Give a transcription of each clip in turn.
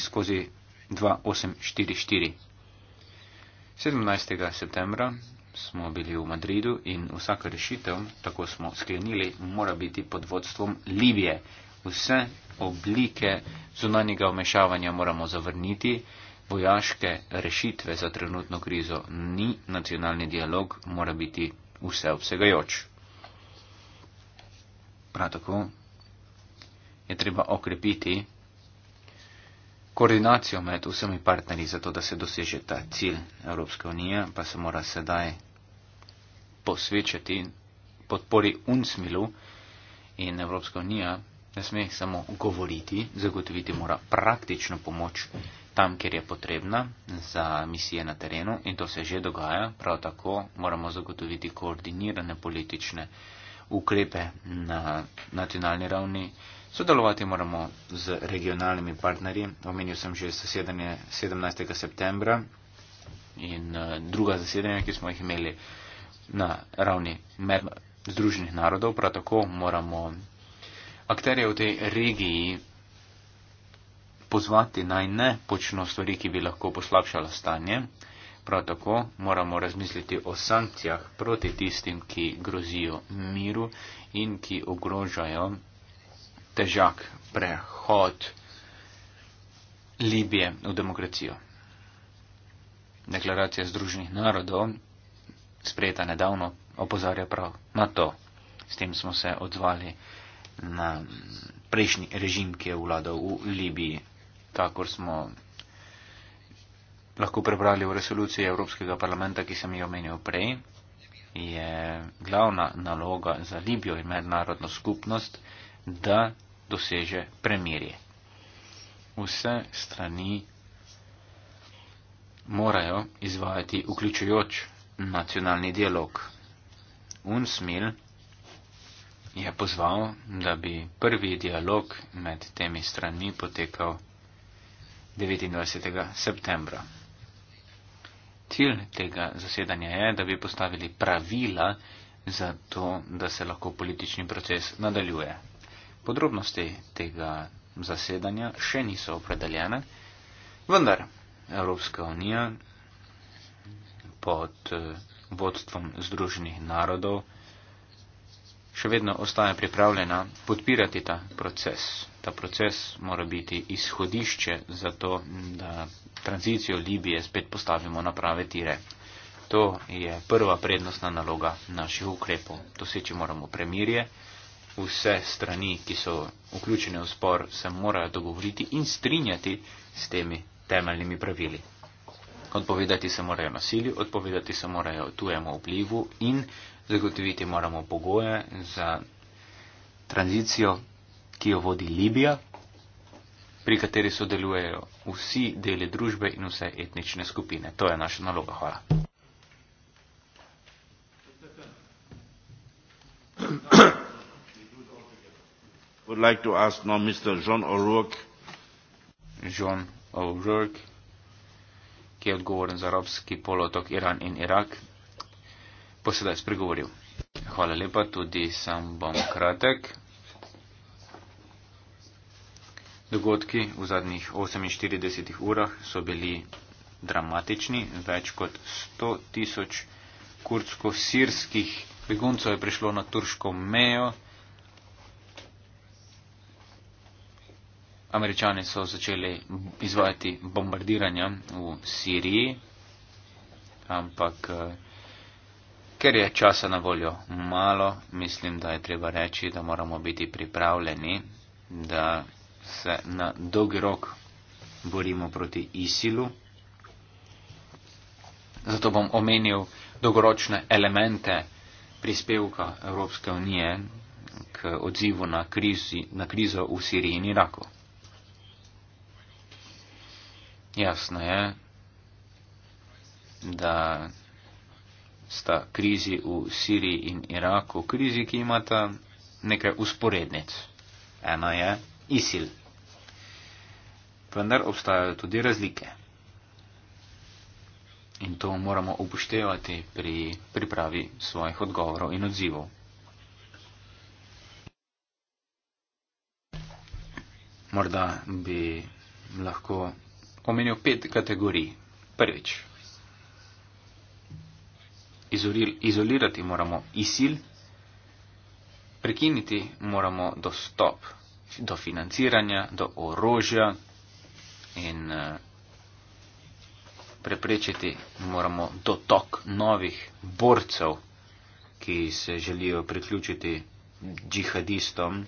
17 skozi 2844. 17. septembra smo bili v Madridu in vsaka rešitev, tako smo sklenili, mora biti pod vodstvom Libije. Vse oblike zunanjega vmešavanja moramo zavrniti, vojaške rešitve za trenutno krizo ni, nacionalni dialog mora biti vseobsegajoč. Prav tako je treba okrepiti koordinacijo med vsemi partnerji, zato da se doseže ta cilj Evropske unije, pa se mora sedaj posvečati podpori UNSMILU in Evropska unija ne sme samo govoriti, zagotoviti mora praktično pomoč tam, kjer je potrebna za misije na terenu in to se že dogaja, prav tako moramo zagotoviti koordinirane politične ukrepe na nacionalni ravni. Sodelovati moramo z regionalnimi partnerji. Omenil sem že zasedanje 17. septembra in eh, druga zasedanja, ki smo jih imeli na ravni med Združenih narodov. Prav tako moramo akterje v tej regiji pozvati naj ne počno stvari, ki bi lahko poslabšala stanje. Prav tako moramo razmisliti o sankcijah proti tistim, ki grozijo miru in ki ogrožajo težak prehod Libije v demokracijo. Deklaracija Združenih narodov, sprejeta nedavno, opozarja prav na to. S tem smo se odzvali na prejšnji režim, ki je vladal v Libiji, kakor smo lahko prebrali v resoluciji Evropskega parlamenta, ki sem jo omenil prej, je glavna naloga za Libijo in mednarodno skupnost da doseže premirje. Vse strani morajo izvajati vključujoč nacionalni dialog. Unsmil je pozval, da bi prvi dialog med temi strani potekal 29. septembra. Cilj tega zasedanja je, da bi postavili pravila za to, da se lahko politični proces nadaljuje. Podrobnosti tega zasedanja še niso opredeljene, vendar Evropska unija pod eh, vodstvom Združenih narodov še vedno ostaja pripravljena podpirati ta proces. Ta proces mora biti izhodišče za to, da tranzicijo Libije spet postavimo na prave tire. To je prva prednostna naloga naših ukrepov. Doseči moramo premirje vse strani, ki so vključene v spor, se morajo dogovoriti in strinjati s temi temeljnimi pravili. Odpovedati se morajo nasilju, odpovedati se morajo tujemu vplivu in zagotoviti moramo pogoje za tranzicijo, ki jo vodi Libija, pri kateri sodelujejo vsi deli družbe in vse etnične skupine. To je naša naloga. Hvala. would like to ask now Mr. John O'Rourke. John O'Rourke, ki je odgovoren za arabski polotok Iran in Irak, bo sedaj spregovoril. Hvala lepa, tudi sam bom kratek. Dogodki v zadnjih 48 urah so bili dramatični. Več kot 100 tisoč kurdsko-sirskih beguncov je prišlo na turško mejo. američani so začeli izvajati bombardiranja v Siriji, ampak eh, ker je časa na voljo malo, mislim, da je treba reči, da moramo biti pripravljeni, da se na dolgi rok borimo proti ISIL-u. Zato bom omenil dolgoročne elemente prispevka Evropske unije k odzivu na, krizi, na krizo v Siriji in Iraku. Jasno je, da sta krizi v Siriji in Iraku krizi, ki imata nekaj usporednic. Ena je ISIL. Vendar obstajajo tudi razlike. In to moramo upoštevati pri pripravi svojih odgovorov in odzivov. Morda bi lahko omenil pet kategorij. Prvič, Izoril, izolirati moramo ISIL, prekiniti moramo dostop do financiranja, do orožja in eh, preprečiti moramo dotok novih borcev, ki se želijo priključiti džihadistom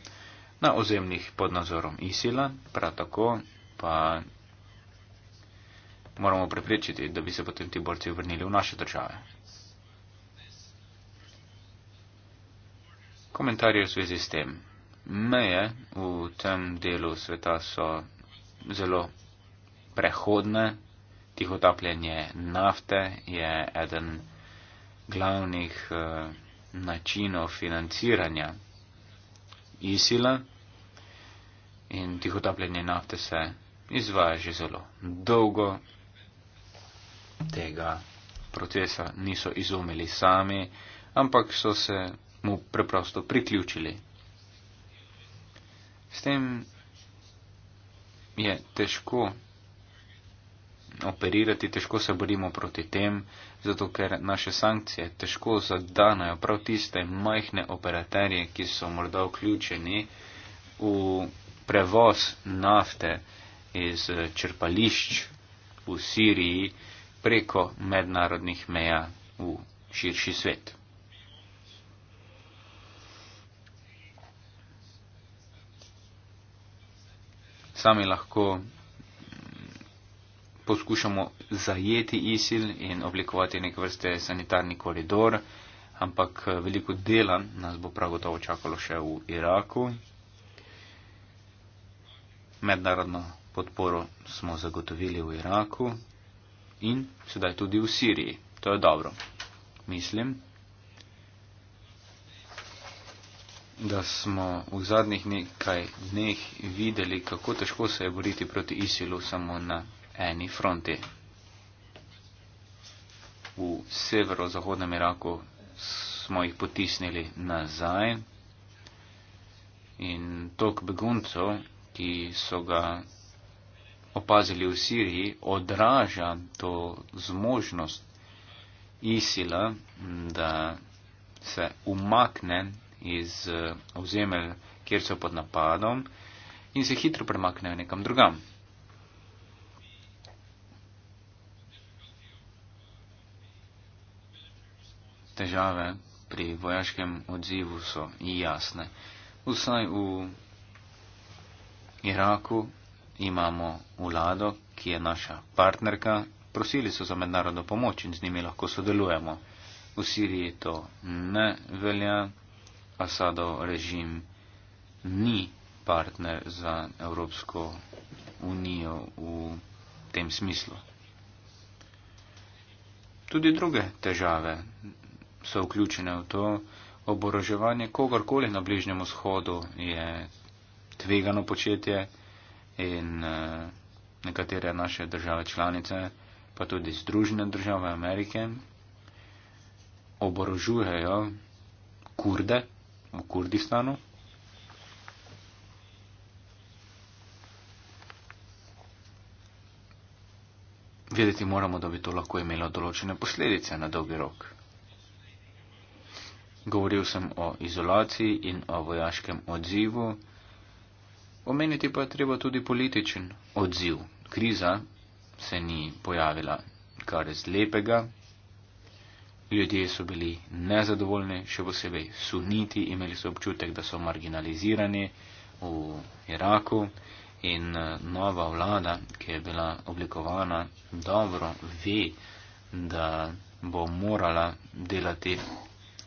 na ozemljih pod nazorom ISIL-a, prav tako pa moramo preprečiti, da bi se potem ti borci vrnili v naše države. Komentarje v svezi s tem. Meje v tem delu sveta so zelo prehodne. Tihotapljanje nafte je eden glavnih eh, načinov financiranja ISIL-a in tihotapljanje nafte se izvaja že zelo dolgo tega procesa niso izumili sami, ampak so se mu preprosto priključili. S tem je težko operirati, težko se borimo proti tem, zato ker naše sankcije težko zadanajo prav tiste majhne operaterje, ki so morda vključeni v prevoz nafte iz črpališč v Siriji, preko mednarodnih meja v širši svet. Sami lahko mm, poskušamo zajeti ISIL in oblikovati nek vrste sanitarni koridor, ampak eh, veliko dela nas bo prav gotovo čakalo še v Iraku. Mednarodno podporo smo zagotovili v Iraku, in sedaj tudi v Siriji. To je dobro. Mislim, da smo v zadnjih nekaj dneh videli, kako težko se je boriti proti ISIL-u samo na eni fronti. V severozahodnem Iraku smo jih potisnili nazaj in tok beguncov, ki so ga opazili v Siriji, odraža to zmožnost Isila, da se umakne iz eh, ozemelj, kjer so pod napadom in se hitro premaknejo nekam drugam. Težave pri vojaškem odzivu so jasne. Vsaj v Iraku imamo vlado, ki je naša partnerka, prosili so za mednarodno pomoč in z njimi lahko sodelujemo. V Siriji to ne velja, Asadov režim ni partner za Evropsko unijo v tem smislu. Tudi druge težave so vključene v to, oboroževanje kogarkoli na Bližnjem vzhodu je tvegano početje, in eh, nekatere naše države članice, pa tudi Združene države Amerike, oborožujejo kurde v Kurdistanu. Vedeti moramo, da bi to lahko imelo določene posledice na dolgi rok. Govoril sem o izolaciji in o vojaškem odzivu. Omeniti pa je treba tudi političen odziv. Kriza se ni pojavila kar z lepega. Ljudje so bili nezadovoljni, še posebej suniti, imeli so občutek, da so marginalizirani v Iraku in eh, nova vlada, ki je bila oblikovana, dobro ve, da bo morala delati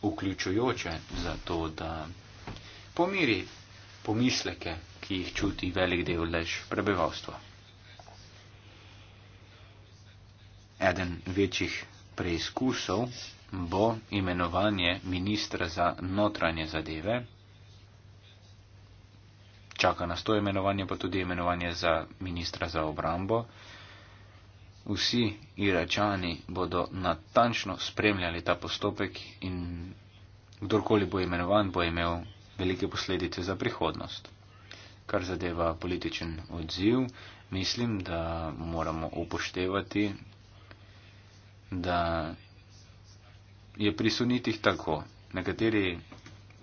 vključujoče za to, da pomiri pomisleke, ki jih čuti velik delež prebivalstva. Eden večjih preizkusov bo imenovanje ministra za notranje zadeve. Čaka nas to imenovanje, pa tudi imenovanje za ministra za obrambo. Vsi iračani bodo natančno spremljali ta postopek in kdorkoli bo imenovan, bo imel velike posledice za prihodnost. Kar zadeva političen odziv, mislim, da moramo upoštevati, da je pri sunitih tako. Nekateri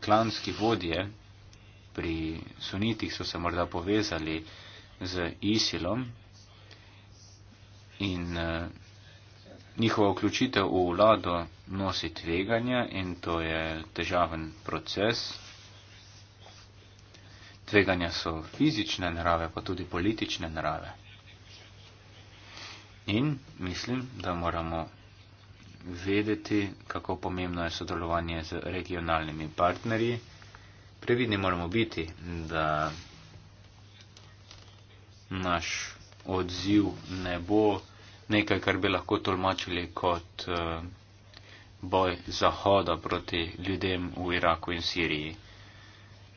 klanski vodje pri sunitih so se morda povezali z ISIL-om in eh, njihova vključitev v vlado nosi tveganja in to je težaven proces. Tveganja so fizične narave, pa tudi politične narave. In mislim, da moramo vedeti, kako pomembno je sodelovanje z regionalnimi partnerji. Previdni moramo biti, da naš odziv ne bo nekaj, kar bi lahko tolmačili kot eh, boj Zahoda proti ljudem v Iraku in Siriji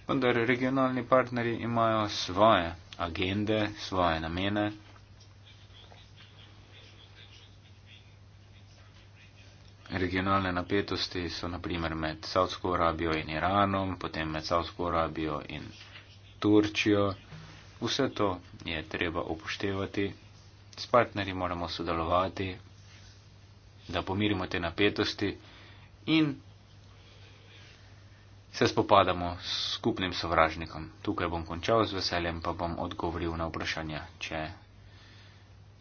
vendar regionalni partnerji imajo svoje agende, svoje namene. Regionalne napetosti so naprimer med Saudsko Arabijo in Iranom, potem med Saudsko Arabijo in Turčijo. Vse to je treba upoštevati. S partnerji moramo sodelovati, da pomirimo te napetosti in se spopadamo s skupnim sovražnikom. Tukaj bom končal z veseljem, pa bom odgovoril na vprašanja, če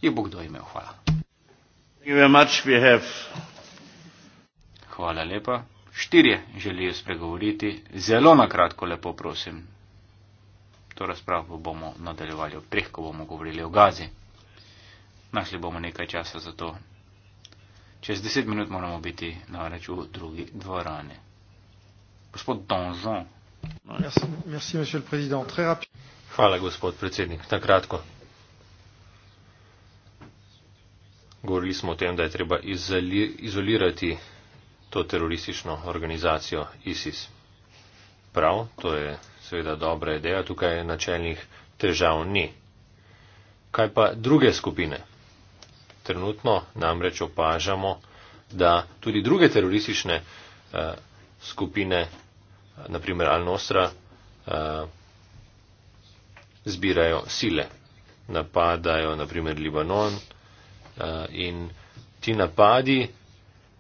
jih bo kdo imel. Hvala. Hvala lepa. Štirje želijo spregovoriti. Zelo na kratko, lepo prosim. To razpravo bomo nadaljevali ob treh, ko bomo govorili o gazi. Našli bomo nekaj časa za to. Čez deset minut moramo biti na reč v drugi dvorani. Gospod Donzon. No, merci, monsieur le président. Très rapide. Hvala, gospod predsednik. Na kratko. Govorili smo o tem, da je treba izolirati to teroristično organizacijo ISIS. Prav, to je seveda dobra ideja, tukaj načelnih težav ni. Kaj pa druge skupine? Trenutno namreč opažamo, da tudi druge teroristične uh, skupine naprimer Al-Nosra, eh, zbirajo sile, napadajo naprimer Libanon eh, in ti napadi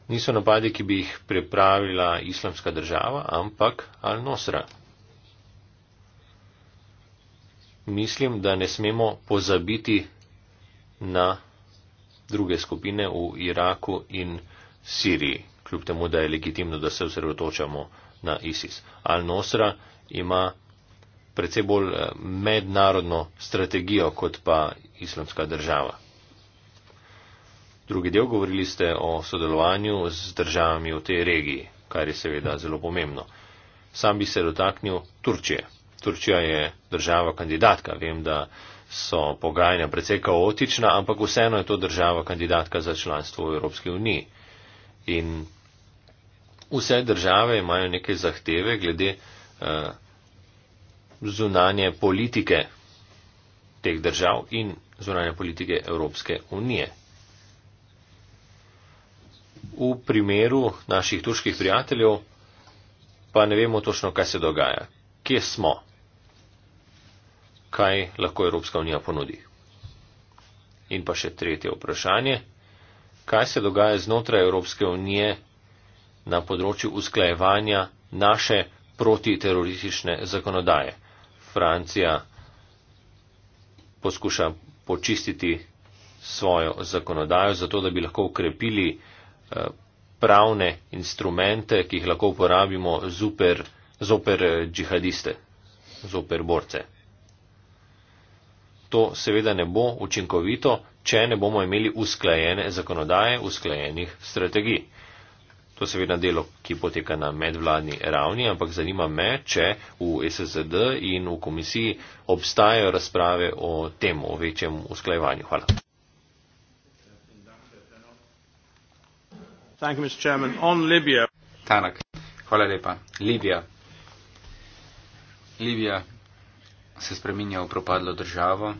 niso napadi, ki bi jih pripravila islamska država, ampak Al-Nosra. Mislim, da ne smemo pozabiti na druge skupine v Iraku in Siriji, kljub temu, da je legitimno, da se osredotočamo na na ISIS. Al-Nosra ima predvsej bolj eh, mednarodno strategijo kot pa islamska država. Drugi del govorili ste o sodelovanju z državami v tej regiji, kar je seveda zelo pomembno. Sam bi se dotaknil Turčije. Turčija je država kandidatka. Vem, da so pogajanja precej kaotična, ampak vseeno je to država kandidatka za članstvo v Evropski uniji. In vse države imajo neke zahteve glede uh, zunanje politike teh držav in zunanje politike Evropske unije. V primeru naših turških prijateljev pa ne vemo točno, kaj se dogaja, kje smo, kaj lahko Evropska unija ponudi. In pa še tretje vprašanje, kaj se dogaja znotraj Evropske unije na področju usklajevanja naše protiteroristične zakonodaje. Francija poskuša počistiti svojo zakonodajo, zato da bi lahko ukrepili eh, pravne instrumente, ki jih lahko uporabimo zuper, zoper eh, džihadiste, zoper borce. To seveda ne bo učinkovito, če ne bomo imeli usklajene zakonodaje, usklajenih strategij. To je seveda delo, ki poteka na medvladni ravni, ampak zanima me, če v SSD in v komisiji obstajajo razprave o tem, o večjem usklajevanju. Hvala. Thank you, Mr. Chairman. On Libya. Tanak. Hvala lepa. Libija. Libija se spreminja v propadlo državo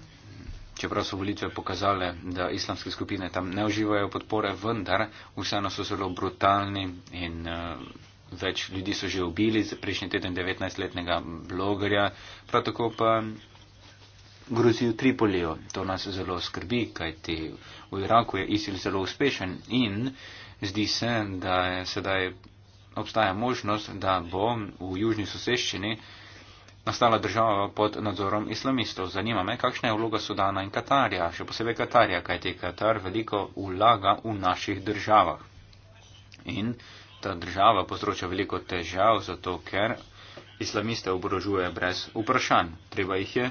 čeprav so volitve pokazale, da islamske skupine tam ne uživajo podpore, vendar vseeno so zelo brutalni in uh, več ljudi so že ubili za prejšnji teden 19-letnega blogerja, prav tako pa grozijo Tripolijo. To nas zelo skrbi, kajti v Iraku je ISIL zelo uspešen in zdi se, da sedaj obstaja možnost, da bo v južni soseščini uh, nastala država pod nadzorom islamistov. Zanima me, kakšna je vloga Sudana in Katarja, še posebej Katarja, kajti Katar veliko vlaga v naših državah. In ta država povzroča veliko težav, zato ker islamiste obrožuje brez vprašanj. Treba jih je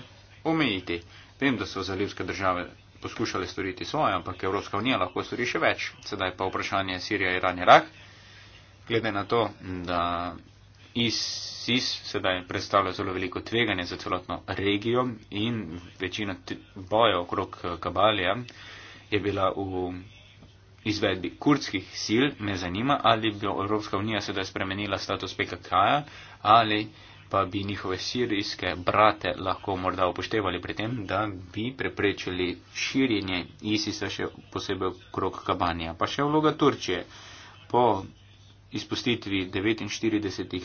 omejiti. Vem, da so zalivske države poskušale storiti svoje, ampak Evropska unija lahko stori še več. Sedaj pa vprašanje Sirija, Iran, Irak. Glede na to, da ISIS sedaj predstavlja zelo veliko tveganje za celotno regijo in večina bojev okrog eh, Kabalija je bila v izvedbi kurdskih sil. Me zanima, ali bi Evropska unija sedaj spremenila status PKK-ja ali pa bi njihove sirijske brate lahko morda upoštevali pri tem, da bi preprečili širjenje ISIS-a še posebej okrog Kabanija. Pa še vloga Turčije. Po izpustitvi 49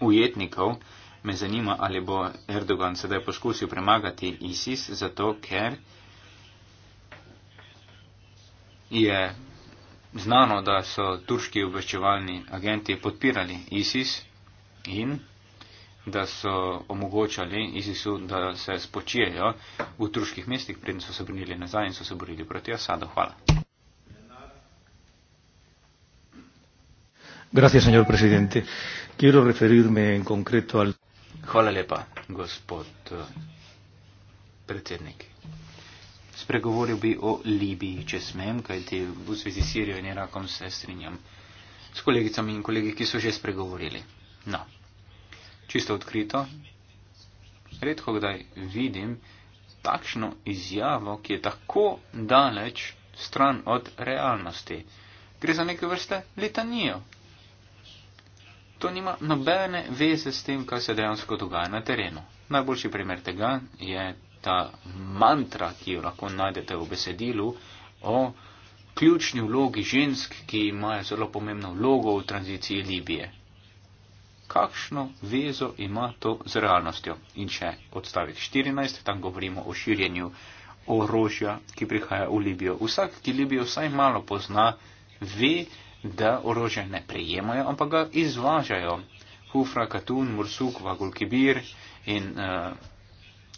ujetnikov, me zanima, ali bo Erdogan sedaj poskusil premagati ISIS, zato ker je znano, da so turški obveščevalni agenti podpirali ISIS in da so omogočali ISIS-u, da se spočijejo v turških mestih, preden so se obrnili nazaj in so se borili proti Asadu. Hvala. Gracias, señor presidente. Quiero referirme en concreto al. Hvala lepa, gospod eh, predsednik. Spregovoril bi o Libiji, če smem, kajti v zvezi s Sirijo in Irakom se strinjam s kolegicami in kolegi, ki so že spregovorili. No, čisto odkrito, redko kdaj vidim takšno izjavo, ki je tako daleč stran od realnosti. Gre za neke vrste litanijo, To nima nobene veze s tem, kaj se dejansko dogaja na terenu. Najboljši primer tega je ta mantra, ki jo lahko najdete v besedilu o ključni vlogi žensk, ki imajo zelo pomembno vlogo v tranziciji Libije. Kakšno vezo ima to z realnostjo? In še odstavek 14, tam govorimo o širjenju orožja, ki prihaja v Libijo. Vsak, ki Libijo vsaj malo pozna, ve, da orožja ne prejemajo, ampak ga izvažajo. Hufra, Katun, Mursuk, Vagulkibir in uh,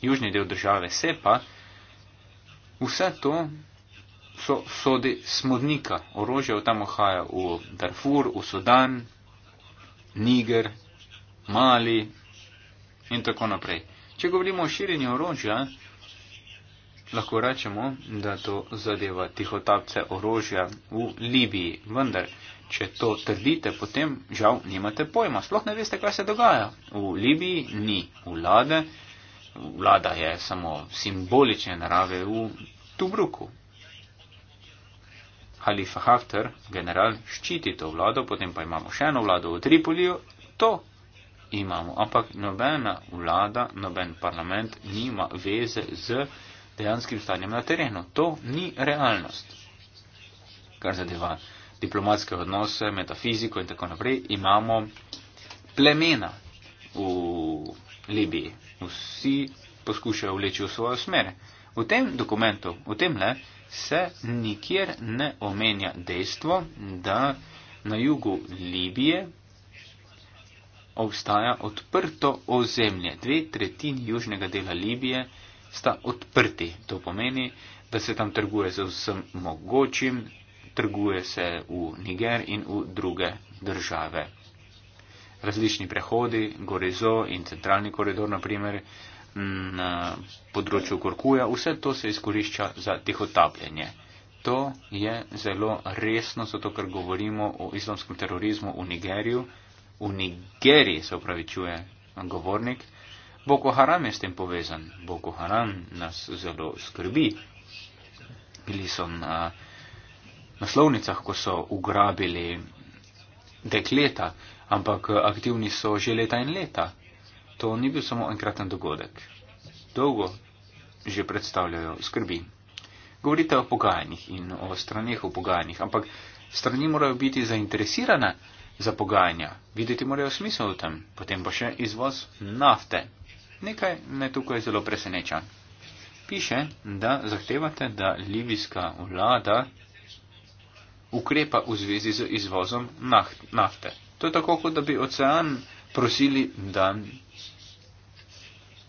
južni del države Sepa, vse to so sodi smodnika. Orožje tam ohaja v Darfur, v Sudan, Niger, Mali in tako naprej. Če govorimo o širjenju orožja, Lahko rečemo, da to zadeva tihotapce orožja v Libiji, vendar, če to trdite, potem žal nimate pojma, sploh ne veste, kaj se dogaja. V Libiji ni vlade, vlada je samo simbolične narave v Tubruku. Halifa Haftar, general, ščiti to vlado, potem pa imamo še eno vlado v Tripoliju, to imamo, ampak nobena vlada, noben parlament nima veze z dejanskim stanjem na terenu. To ni realnost. Kar zadeva diplomatske odnose, metafiziko in tako naprej, imamo plemena v Libiji. Vsi poskušajo vleči v svojo smer. V tem dokumentu, v tem le, se nikjer ne omenja dejstvo, da na jugu Libije obstaja odprto ozemlje. Dve tretjini južnega dela Libije sta odprti. To pomeni, da se tam trguje z vsem mogočim, trguje se v Niger in v druge države. Različni prehodi, Gorizo in centralni koridor, naprimer, na področju Korkuja, vse to se izkorišča za tihotapljenje. To je zelo resno, zato ker govorimo o islamskem terorizmu v Nigeriju. V Nigeriji se upravičuje govornik, Boko Haram je s tem povezan. Boko Haram nas zelo skrbi. Bili so na naslovnicah, ko so ugrabili dekleta, ampak eh, aktivni so že leta in leta. To ni bil samo enkraten dogodek. Dolgo že predstavljajo skrbi. Govorite o pogajanjih in o stranih v pogajanjih, ampak strani morajo biti zainteresirane za pogajanja. Videti morajo smisel v tem. Potem pa še izvoz nafte. Nekaj me tukaj zelo preseneča. Piše, da zahtevate, da libijska vlada ukrepa v zvezi z izvozom nafte. To je tako, kot da bi ocean prosili, da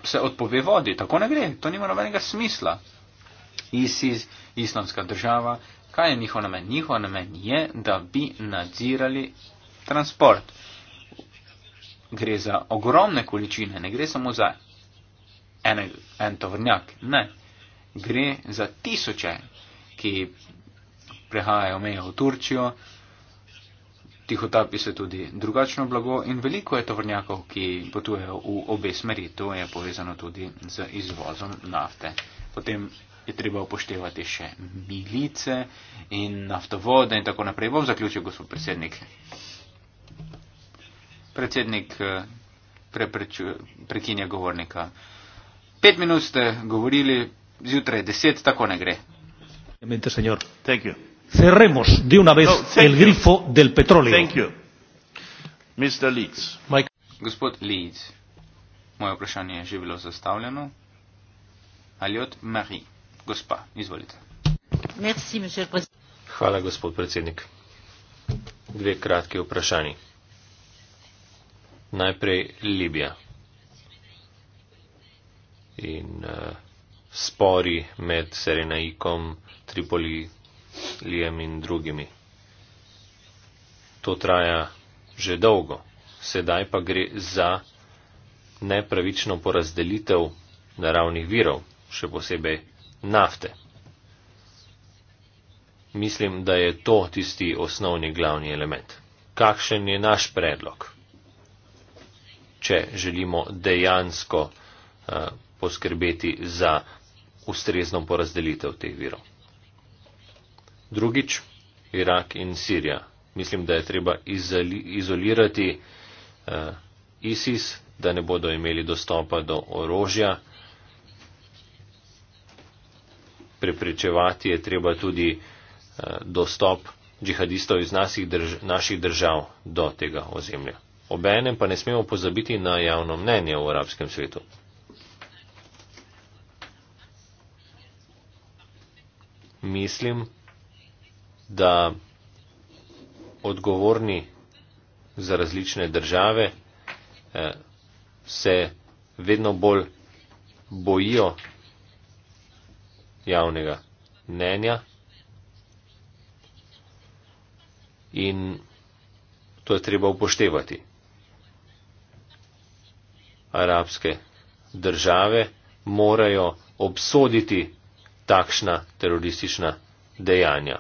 se odpove vodi. Tako ne gre, to nima nobenega smisla. ISIS, islamska država, kaj je njihov namen? Njihov namen je, da bi nadzirali transport. Gre za ogromne količine, ne gre samo za en, en tovrnjak. Ne, gre za tisoče, ki prehajajo mejo v Turčijo, tihotapi se tudi drugačno blago in veliko je tovrnjakov, ki potujejo v obe smeri. To je povezano tudi z izvozom nafte. Potem je treba upoštevati še milice in naftovode in tako naprej. Bom zaključil, gospod predsednik. Predsednik eh, preprečuje, prekinja govornika pet minut ste govorili, zjutraj deset, tako ne gre. Cerremos de una vez no, el grifo you. del petróleo. Thank you. Mr. Leeds. My... Gospod Leeds, moje vprašanje je že bilo zastavljeno. Aljot Marie, gospa, izvolite. Merci, Hvala, gospod predsednik. Dve kratke vprašanje. Najprej Libija in uh, spori med Serenaikom, Tripolijem in drugimi. To traja že dolgo, sedaj pa gre za nepravično porazdelitev naravnih virov, še posebej nafte. Mislim, da je to tisti osnovni glavni element. Kakšen je naš predlog, če želimo dejansko uh, poskrbeti za ustrezno porazdelitev teh virov. Drugič, Irak in Sirija. Mislim, da je treba izoli, izolirati uh, ISIS, da ne bodo imeli dostopa do orožja. Preprečevati je treba tudi uh, dostop džihadistov iz naših, drž, naših držav do tega ozemlja. Obenem pa ne smemo pozabiti na javno mnenje v arabskem svetu. mislim, da odgovorni za različne države eh, se vedno bolj bojijo javnega mnenja in to je treba upoštevati. Arabske države morajo obsoditi takšna teroristična dejanja.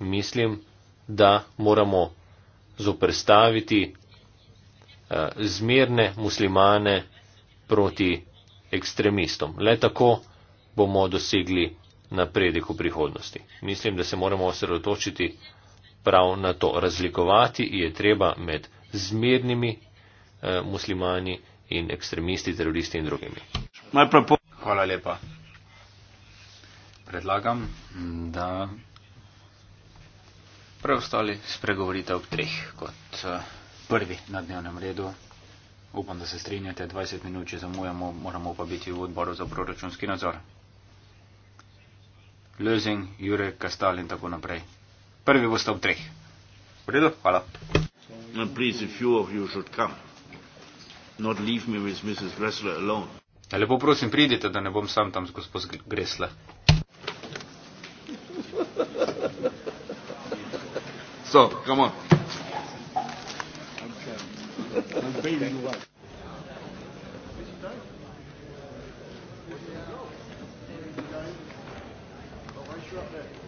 Mislim, da moramo zoprstaviti eh, zmerne muslimane proti ekstremistom. Le tako bomo dosegli napredek v prihodnosti. Mislim, da se moramo osredotočiti prav na to. Razlikovati je treba med zmernimi eh, muslimani in ekstremisti, teroristi in drugimi. Najprej po. Hvala lepa. Predlagam, da preostali spregovorite ob treh kot eh, prvi na dnevnem redu. Upam, da se strinjate, 20 minut, če zamujamo, moramo pa biti v odboru za proračunski nadzor. Lezing, Jurek, Kastal in tako naprej. Prvi boste ob treh. V redu? Hvala. No, please, Ja, lepo prosim, pridite, da ne bom sam tam z gospod Gresla. So, come on. Thank you.